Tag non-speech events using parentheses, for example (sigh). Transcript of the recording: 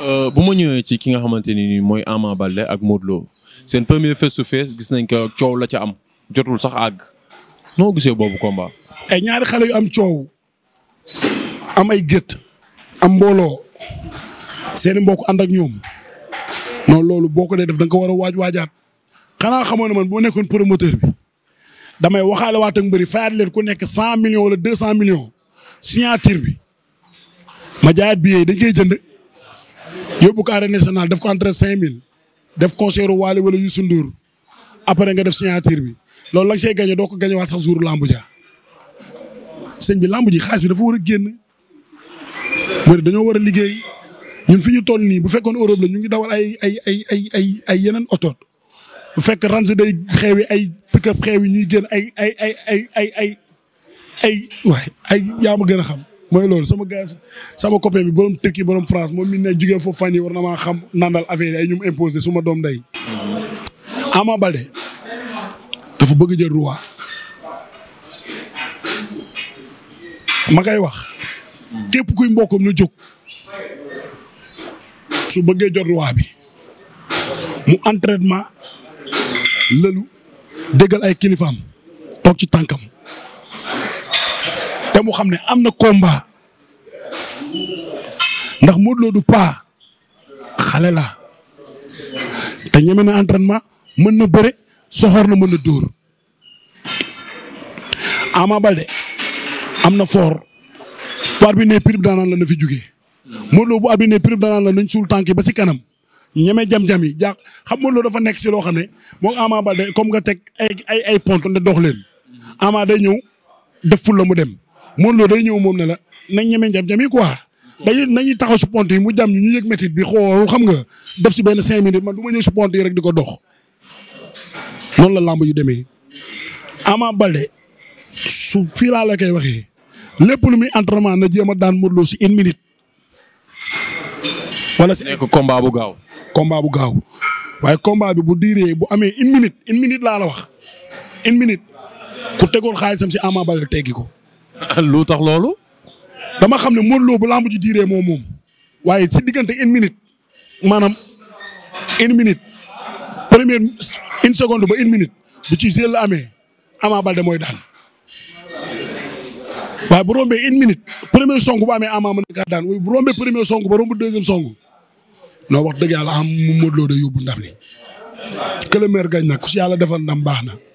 Euh, bu ma ñëwee ci ki nga xamante ni nii mooy Ama Baldé ak Modou Lo seen premier face to face na nañ ko coow la ca am jotul sax àgg noo gisee boobu combat. ay ñaari xale yu am coow am ay gët am mbooloo seen mbokk and ak ñoom non loolu boo ko dee def da nga ko war a waaj waajaat xanaa xamoon na man boo nekkoon promoteur bi damay waxaale waat ak mbëri fayaat leen ku nekk cent millions wala deux cent millions signature bi ma jaayaat billet dañ koy jënd. yóbbu ko arène nationale def ko entre 5000 def concert Wally wala Youssou Ndour après nga def signature bi loolu la nga see gagné doo ko gagné waat sax jour lambu ja bi lambu ji xaalis bi dafa war a génn dañoo war a liggéey fi ñu toll nii bu fekkoon Europe la ñu ngi dawal ay ay ay ay ay ay yeneen oto bu fekk range day xeewi ay pick-up xeewi ñuy génn ay ay ay ay ay ay ay waay ay yaa gën a xam. mooy loolu sama gars sama copain bi borom Turquie borom France moom mi ne jugee foofu fan yi war na maa xam nandal affaire yi ay ñum imposé suma doom day Ama Baldé dafa bëgg jël roi ma koy wax képp kuy mbokkum ñu jóg su bëggee jot roi bi mu entraînement lëlu déggal ay kilifaam toog ci tànkam te mu xam ne am na komba ndax Modou du paa xale la te ñeme na entraînement mën na bëre soxor na mën na dóor Ama Baldé am na fort bu at bi ne prib daanaan la na fi jugee Modou bu at bi ne prib daanaan la nañ suul tànk yi ba si kanam ñeme jam-jam yi jaax xam Modou Lo dafa nekk si loo xam ne moom Ama Baldé comme nga teg ay ay ay pont nde dox leen Ama day ñëw def ful la mu dem Modou day ñëw moom ne la nañ ñemee jam jam yi quoi dañuy nañuy taxaw si pont yi mu jam ñu ñu yëg métit bi xool xam nga def si benn cinq minutes man du ma ñëw si rek di ko dox noonu la làmb yu demee Ama Baldé su fii laa koy waxee lépp lu muy entraînement na jéem a daan Modou si une minute. wala si nekk combat bu gaaw. combat bu gaaw waaye combat bi bu diiree bu amee une minute une minute laa la wax une minute ku tegoon xaalisam si Ama Baldé teggi ko. (laughs) lu tax loolu. dama xam ne Modou Lo bu lamb ji diiree moom moom waaye si diggante une minute maanaam une minute première une seconde ba une minute bu ci jël ame amee Ama Baldé mooy daan. waaye bu rombee une minute premier song bu amee Ama mën na kaa daan bu rombee premier song ba romb deuxième song noo wax dëgg yàlla am Modou Lo day yóbbu ndam li. gañ nag ku si yàlla defal ndam baax na